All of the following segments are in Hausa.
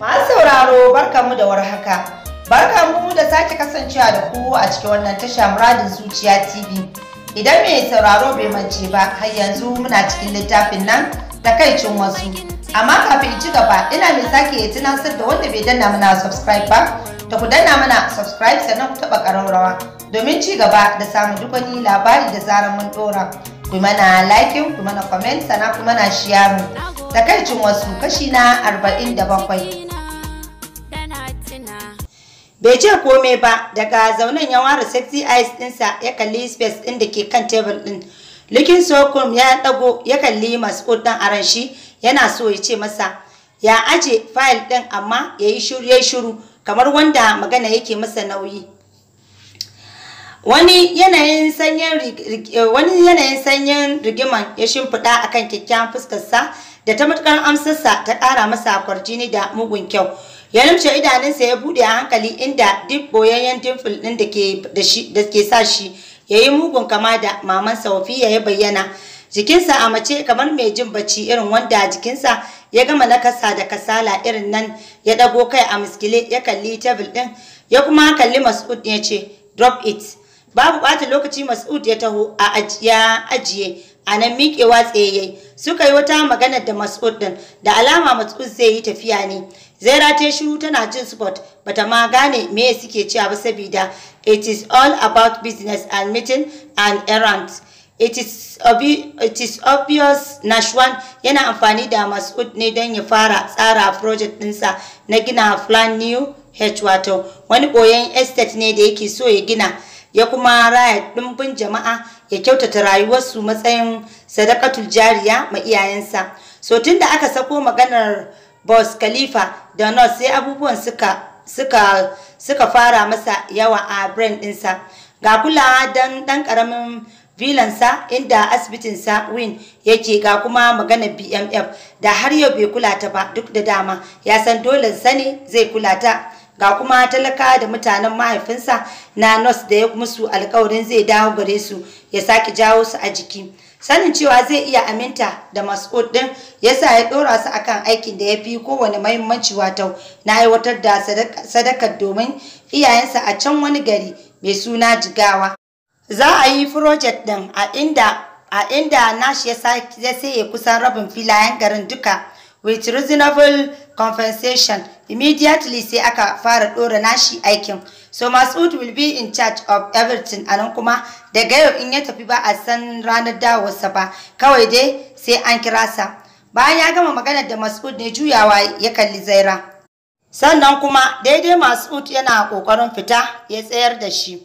Masu sauraro barka mu da haka. Barka mu da sake kasancewa da ku a cikin wannan tasha muradin zuciya TV. Idan mai sauraro bai mance ba, har yanzu muna cikin littafin nan takaicin wasu. Amma kafin ci gaba, ina mai sake tunasar da wanda bai danna mana subscribe ba, ta ku danna mana subscribe sannan ku taɓa ƙararrawa domin ci gaba da samun duk wani labari da zarar mun ɗora. ku mana like, ku mana comment sannan ku mana sharing takaicin wasu kashi na arba'in da bakwai. bai ce komai ba daga zaunen ya ware safety eyes dinsa ya kalli space din da ke kan tebul din lukin sokum ya dago ya kalli mas'ud dan aran shi yana so ya ce masa ya aje file din amma yayi shiru yayi shiru kamar wanda magana yake masa nauyi wani yanayin sanyin eh, wani yanayin sanyin rigiman ya shimfiɗa akan kyakkyawan fuskarsa da ta matukar amsarsa ta ƙara masa kwarjini da mugun kyau ya rufe idanunsa ya buɗe a hankali inda duk boyayyen dimfil ɗin da ke sa shi yayi mugun kama da maman Sofiya ya bayyana jikinsa a mace kamar mai jin bacci irin wanda jikinsa ya gama nakasa da kasala irin nan ya dago kai a miskile ya kalli Tabul ɗin ya kuma kalli Mas'ud ya ce drop it babu ɓata lokaci Mas'ud ya taho a ya ajiye a nan miƙewa tsayayyai suka yi wata magana da mas'ud din da alama mas'ud zai yi tafiya ne zaira ta shiru tana jin spot. bata ma gane me suke cewa ba saboda it is all about business and meeting and errands it is, obvi it is obvious Nashwan yana amfani da Mas'ud ne don ya fara tsara project ɗinsa na gina Plan New H wato wani ɓoyen estate ne da yake so ya gina ya kuma raya dimbin jama'a ya kyautata rayuwarsu matsayin sadakatul jariya ma iyayensa so tunda aka sako maganar boss khalifa da nurse sai abubuwan suka suka suka fara masa yawa a brain dinsa ga kula dan dan karamin sa inda asibitinsa win yake ga kuma magana bmf da har yau bai kula ta ba duk da dama ya san dole sani zai kula ta ga kuma talaka da mutanen mahaifinsa na nos da ya musu alkawarin zai dawo gare su ya sake jawo su a jiki sanin cewa zai iya aminta da mas'ud din yasa ya ɗora su akan aikin da ya fi kowane mahimmanci wato na aiwatar da sadakar domin iyayensa a can wani gari mai suna jigawa za a yi project din a inda a inda nashi ya sai kusan rabin filayen garin duka with reasonable compensation immediately sai aka fara dora nashi aikin so Masud will be in charge of everything anan kuma daga yau in ya tafi ba a san ranar dawarsa ba kawai dai sai an kira sa bayan ya gama magana da Masud ne juyawa ya kalli Zaira sannan kuma daidai Masud yana kokarin fita ya tsayar da shi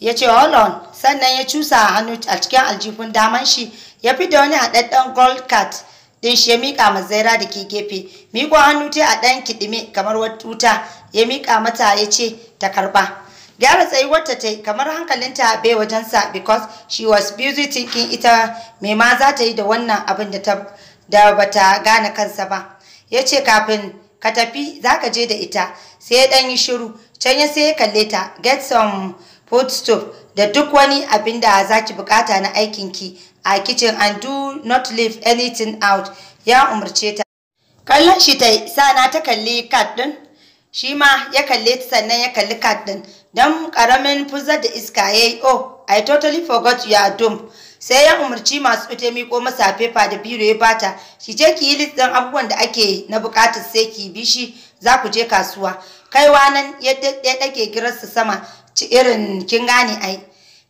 ya ce hold sannan ya cusa hannu a cikin aljifin daman shi ya fi da wani haɗaɗɗen gold card din shi ya miƙa ma zaira da ke gefe miko hannu ta a ɗan kiɗime kamar wuta ya miƙa mata ya ce ta karɓa gyara wata ta kamar hankalinta bai wajensa because she was busy thinking ita mai ma za ta yi da wannan abin da ta da bata gane kansa ba ya ce kafin ka tafi za ka je da ita sai ya ɗan yi shiru can ya sai ya kalle ta get some food stuff, da duk wani abin da za ki bukata na aikinki a kitchen and do not leave anything out ya umarce ta kallon shi ta sana ta kalli kat din shi ma ya kalli ta sannan ya kalli kat din don karamin fuzar da iska ya yi oh i totally forgot your dump sai ya umarci masu ute miko masa fefa da biro ya bata shi je ki yi list din abubuwan da ake na bukatar sai ki bi shi za ku je kasuwa kaiwa nan ya dake girarsa sama ci irin kin gane ai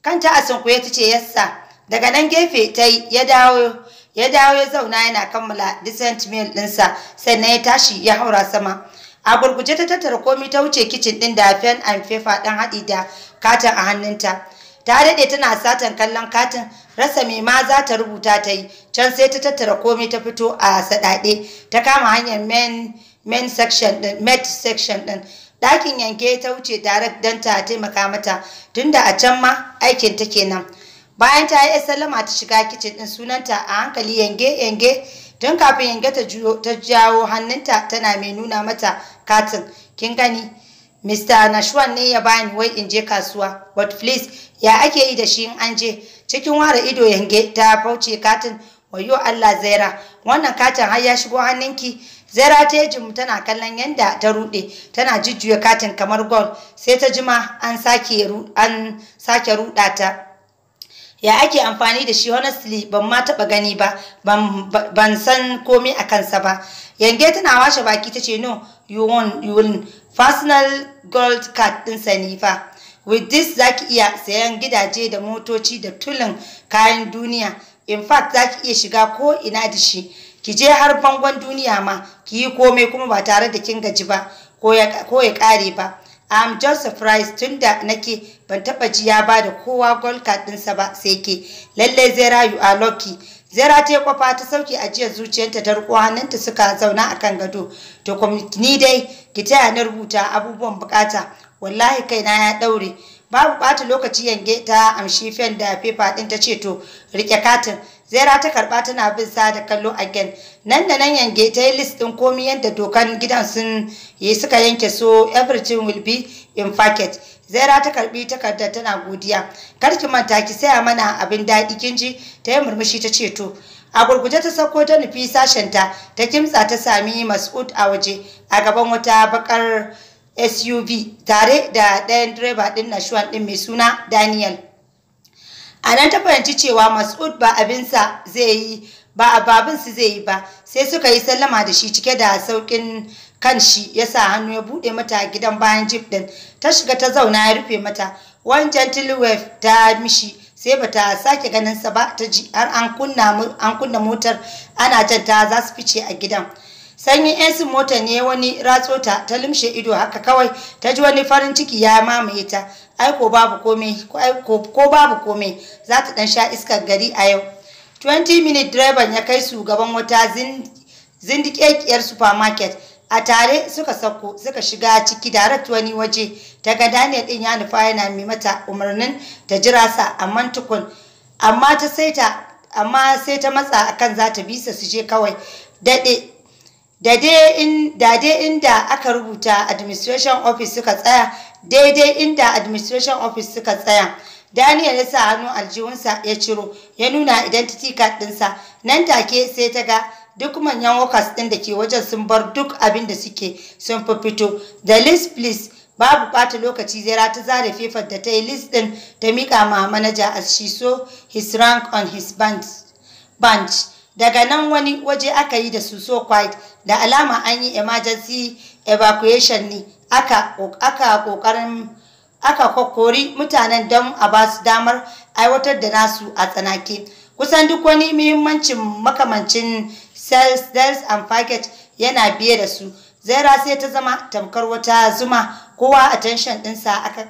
kanta a sunkuye tace ce yassa daga nan gefe ta ya dawo ya dawo ya zauna yana kammala decent meal ɗinsa sannan ya tashi ya haura sama a gurguje ta tattara komi ta wuce kicin ɗin da fen and ɗin ɗan haɗi da katin a hannunta ta daɗe tana satan kallon katin rasa mai ma za ta rubuta ta yi can sai ta tattara komi ta fito a saɗaɗe ta kama hanyar main section din met section din ɗakin yanke ta wuce direct don ta taimaka mata tunda a can ma aikin ta kenan bayan ta yi sallama ta shiga kicin din sunanta a hankali yange yange don kafin yange ta ta jawo hannunta tana mai nuna mata katin kin gani Mr. Nashwan ne ya bani wai in je kasuwa, but please ya ake yi da shi in an je, cikin ware ido yange ta fauce katin wayo Allah zaira, wannan katin har ya shigo hannunki, zaira ta yi tana kallon yanda ta rude, tana jujjuya katin kamar gol, sai ta jima an sake ruɗa ta. ya ake amfani da shi honestly ban ma taba gani ba ban san komai a kansa ba yange tana washe baki ta ce no you won you will personal gold card din sanifa with this zaki iya sayan gidaje da motoci da tulin kayan duniya in fact zaki iya shiga ko ina da shi ki je har bangon duniya ma ki yi komai kuma ba tare da kin gaji ba ko ya kare ba I'm just surprised tunda nake ban taɓa ji ya ba da kowa gol card ɗinsa ba sai ke lalle zera you are lucky zera ta kwafa ta sauke ajiyar zuciyarta ta riƙo hannunta suka zauna akan gado to ni dai ki taya na rubuta abubuwan buƙata. wallahi kaina ya daure babu ɓata lokaci yange ta amshi fen da fefa ɗin ta ce to rike katin Zaira ta karba tana bin sa da kallo a again. Nan da nan yange ta yi list din komai yadda dokan gidan sun yi suka yanke so everything will be in packet. Zaira ta karbi takarda tana godiya. Karki manta ki saya mana abin daɗi kinji ta yi murmushi ta ce to. A gurguje ta sako ta nufi sashenta ta kimtsa ta sami Mas'ud a waje a gaban wata bakar SUV tare da ɗayan direba ɗin Nashuan ɗin mai suna Daniel. a nan ta fahimci cewa mas'ud ba abinsa zai yi ba ababinsu zai yi ba sai suka yi sallama da shi cike da saukin kan shi ya sa hannu ya buɗe mata gidan bayan jif ɗin ta shiga ta zauna ya rufe mata wani gentle wave ta mishi sai ba ta sake ganin sa ba ta ji har an kunna motar ana jan ta za su fice a gidan sanyin ensin mota ne wani ratso ta ta limshe ido haka kawai ta ji wani farin ciki ya mamaye ta ai ko babu komai ko babu komai za ta dan sha iskar gari a yau 20 minute direban ya kai su gaban wata zindikekiyar supermarket a tare suka sauko suka shiga ciki direct wani waje ta ga daniel din ya nufa yana mai mata umarnin ta jira sa amma tukun amma sai ta amma sai ta matsa akan za ta bisa su je kawai Dade. da dai inda aka rubuta administration office suka tsaya daidai inda administration office suka tsaya daniel ya sa hannu aljihunsa ya ciro ya nuna identity card dinsa. nan take sai ta ga duk manyan workers ɗin da ke wajen sun bar duk abin da suke sun fi fito the list please babu ɓata lokaci zera ta zara fefar da ta yi list ɗin ta mika ma manaja as she saw his rank on his bench daga nan wani waje aka yi da su so quiet da alama an yi emergency evacuation ne aka kokarin aka kokori mutanen don a ba su damar aiwatar da nasu a tsanaki. kusan duk wani muhimmancin makamancin sales sales and package yana biye da su zaira sai ta zama tamkar wata zuma kowa attention ɗinsa aka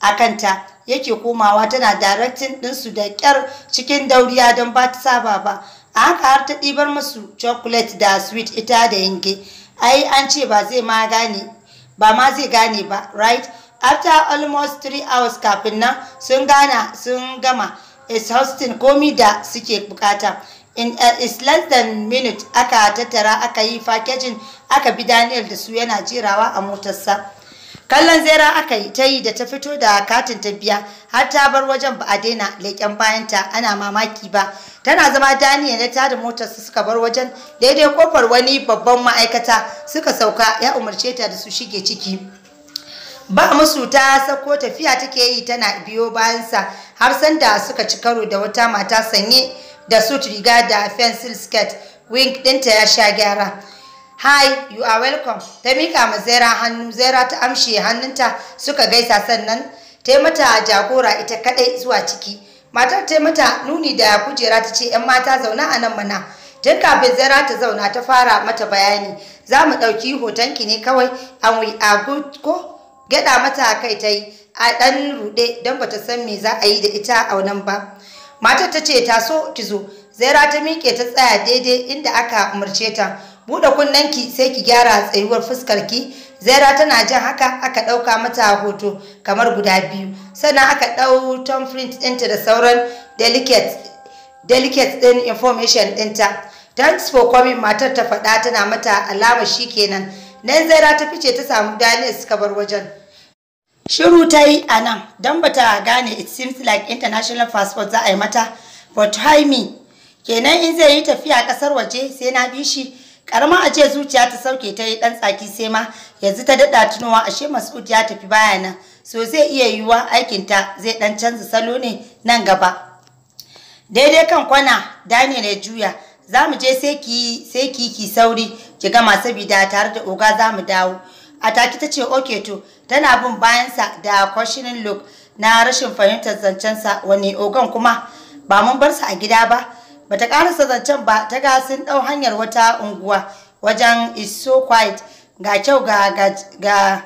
a kanta yake komawa tana directing ɗinsu da ƙyar cikin dauriya don ba ta saba ba a haka har ta ɗibar masu chocolate da sweet ita da yanke ai an ce ba zai ma gane ba ma zai gane ba right after almost three hours kafin nan sun gana sun gama exhausting komi da suke bukata in uh, eh, is less than minute aka tattara aka yi fakejin aka bi daniel da su yana jirawa a motarsa kallon zera aka yi ta yi da ta fito da katin ta biya har ta bar wajen ba a daina leƙen bayanta ana mamaki ba tana zama daniel ya tada motar suka bar wajen daidai kofar wani babban ma'aikata suka sauka ya umarce ta da su shige ciki ba musu ta sako tafiya take yi tana biyo bayan sa har sanda suka ci karo da wata mata sanye da suit riga da pencil skirt wink ɗinta ya sha gyara hi you are welcome ta mika ma zaira hannu zaira ta amshe hannunta suka gaisa sannan ta mata jagora ita kadai zuwa ciki matar ta mata nuni da kujera ta ce yan mata zauna a nan mana tun kafin zara ta zauna ta fara mata bayani za mu ɗauki hotonki ne kawai a ko gyaɗa mata kai ta yi a ɗan ruɗe don ba ta san me za a yi da ita a wannan ba matar ta ce ta so ki zo zaira ta miƙe ta tsaya daidai inda aka umarce ta buɗe kunnenki sai ki gyara tsayuwar fuskarki zaira tana jin haka aka ɗauka mata hoto kamar guda biyu sannan aka ɗau tamprint dinta da sauran delicate din information dinta thanks for coming matar ta faɗa tana mata alama shi kenan nan zaira ta fice ta samu daniel suka bar wajen shiru ta yi a nan don ba ta gane it seems like international passport za a yi mata but hi kenan in zai yi tafiya kasar waje sai na bi shi karma a ce zuciya ta sauke ta yi dan tsaki sai ma yanzu ta dada tunowa ashe Mas'ud ya tafi baya nan so zai iya yiwuwa aikin ta zai dan canza salo ne nan gaba daidai kan kwana Daniel ya juya zamu je sai ki sai ki ki sauri ki gama saboda tare da oga zamu mu dawo ataki ta ce okay to tana bin bayansa da questioning look na rashin fahimtar zancensa wani ogan kuma ba mun bar sa a gida ba bata karasa zancen ba ta ga sun dau hanyar wata unguwa wajen is so quiet ga kyau ga ga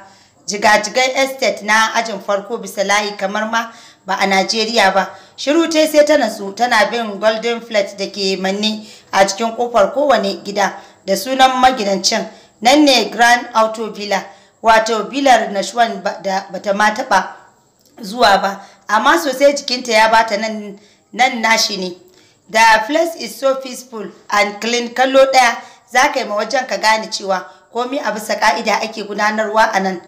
jigajigan estate na ajin farko bisa layi kamar ma ba a Najeriya ba shiru ta sai ta nasu tana bin golden flat da ke manne a cikin kofar kowane gida da sunan magidancin nan ne grand auto villa wato bilar nashwan da bata ma taba zuwa ba amma sosai jikinta ya bata nan nan nashi ne The place is so peaceful and clean kallo ɗaya za ka yi ma wajen ka gane cewa komi a bisa ka'ida ake gudanarwa a nan.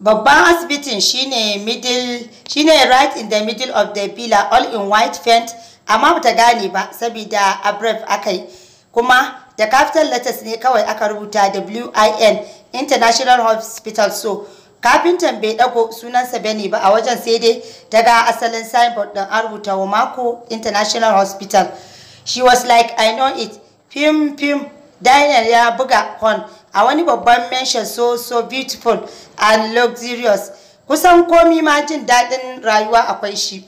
Babban asibitin shine middle shine right in the middle of the villa all in white paint amma bata gane ba saboda abref akai kuma da capital letters ne kawai aka rubuta WIN International Hospital so kafintan bai dago sunansa bane ba a wajen sai dai ta ga asalin signboard din an rubuta wa mako international hospital she was like i know it fim fim daniel ya buga horn a wani babban mention so so beautiful and luxurious kusan komi ma jin daɗin rayuwa akwai shi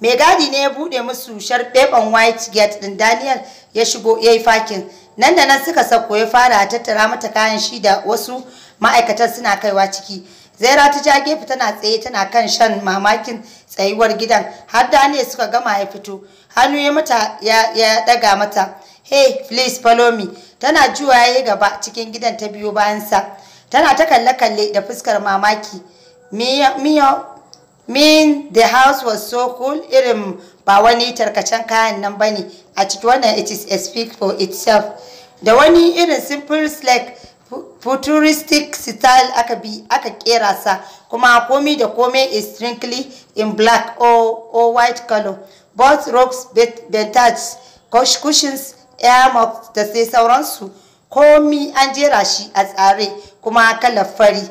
mai gadi ne ya buɗe musu sharɓeɓen white gate ɗin daniel ya shigo ya yi fakin nan da nan suka sako ya fara tattara mata kayan shi da wasu ma'aikatan suna kaiwa ciki zaira ta ja gefe tana tsaye tana kan shan mamakin tsayuwar gidan har da ne suka gama ya fito hannu ya mata ya daga mata hey please follow me tana juwa ya gaba cikin gidan ta biyo bayansa tana ta kalle-kalle da fuskar mamaki mean the house was so cool irin ba wani tarkacen kayan nan bane a ciki wannan it is a speak for itself da wani irin simple slack futuristic style aka bi aka kera sa kuma komi da komai is strictly in black or, or white color both robes vintage cushions air mock da sai sauransu komi an jera shi a tsare kuma kala fari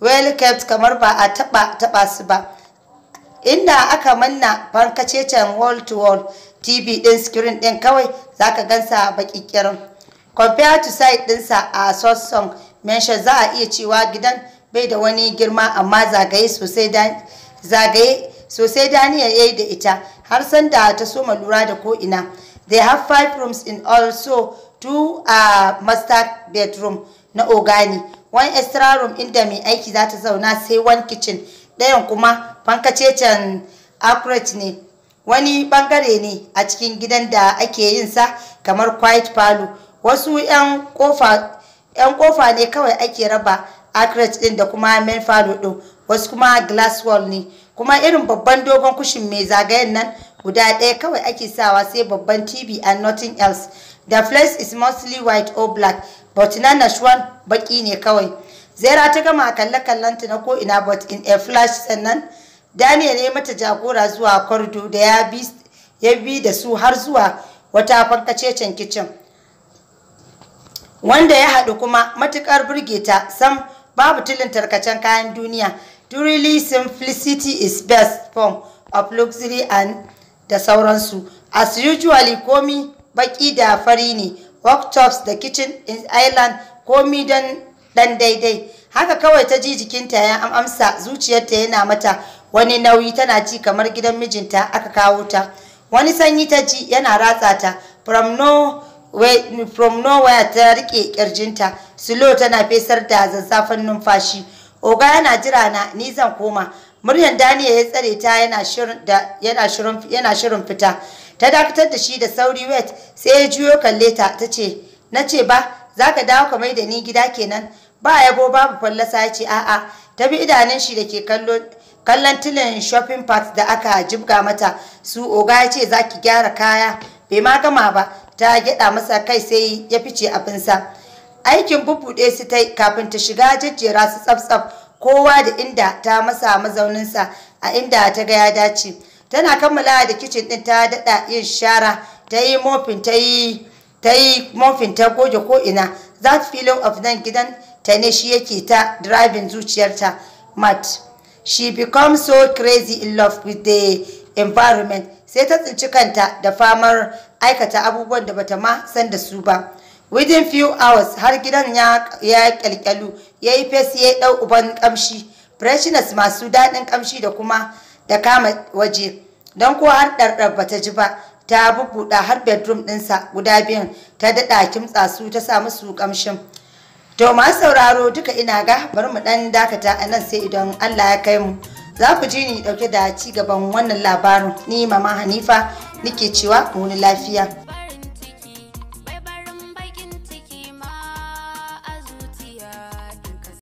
well kept kamar ba a taba taba su ba inda aka manna fankacecen wall to wall tv din screen din kawai zaka gansa baki kirin compare to side dinsa a song mensha za a iya cewa gidan bai da wani girma amma zagaye sosai zagaye sosai ya yi da ita har san da ta soma lura da ko'ina they have five rooms in all so two a uh, master bedroom na ogani one extra room inda mai aiki za ta zauna sai one kitchen ɗayan kuma fankacecen accurate ne wani bangare ne a cikin gidan da ake yin sa kamar quiet palo wasu 'yan kofa 'yan kofa ne kawai ake raba acret din da kuma main falo din wasu kuma glass wall ne kuma irin babban dogon kushin mai zagayen nan guda ɗaya kawai ake sawa sai babban tv and nothing else the place is mostly white or black but na nashwan baki ne kawai zaira ta gama kalle ta na ko'ina but in a flash sannan daniel ya mata jagora zuwa kwardo da ya bi da su har zuwa wata fankacecen kicin wanda ya haɗu kuma matuƙar burge ta sam babu tilin tarkacen kayan duniya truly simplicity is best form of luxury and da sauransu as usually komi baki da fari ne workshops da kitchen in island komi don ɗan daidai haka kawai ta ji jikinta ya amsa zuciyarta yana mata wani nauyi tana ji kamar gidan mijinta aka kawo ta wani sanyi ta ji yana ratsa ta from no from nowhere ta rike kirjinta slow tana fesar da zazzafan numfashi oga yana jira na ni zan koma muryan daniel ya tsare ta yana shirin yana shirin yana shirin fita ta dakatar da shi da sauri wet sai ya juyo kalle ta tace ce ba zaka dawo ka mai da ni gida kenan ba yabo babu fallasa ya ce a'a ta bi idanun shi da ke kallo kallon tilin shopping park da aka jibga mata su oga ya ce za ki gyara kaya bai ma gama ba ta gyaɗa masa kai sai ya fice abinsa aikin bubuɗe su ta kafin ta shiga jejjera su tsabtsab kowa da inda ta masa mazauninsa a inda ta ga ya dace tana kammala da kicin ɗin ta daɗa yin shara ta yi mofin ta yi ta yi ta goge ko'ina that feeling of nan gidan ta ne shi yake ta driving zuciyarta mat she becomes so crazy in love with the environment sai ta tsinci kanta da famar aikata abubuwan da bata ma san da su ba within few hours har gidan ya kyalkyalu ya yi fes ya dau uban kamshi freshness masu daɗin kamshi da kuma da kama waje don ko har ɗarɗar bata ji ba ta bubbuɗa har bedroom sa guda biyan ta daɗa kimtsa su ta sa musu kamshin to ma sauraro duka ina ga bari mu ɗan dakata a nan sai idan allah ya kai mu za ku ji ni ɗauke da ci gaban wannan labarin ni mama hanifa nake cewa ku wani lafiya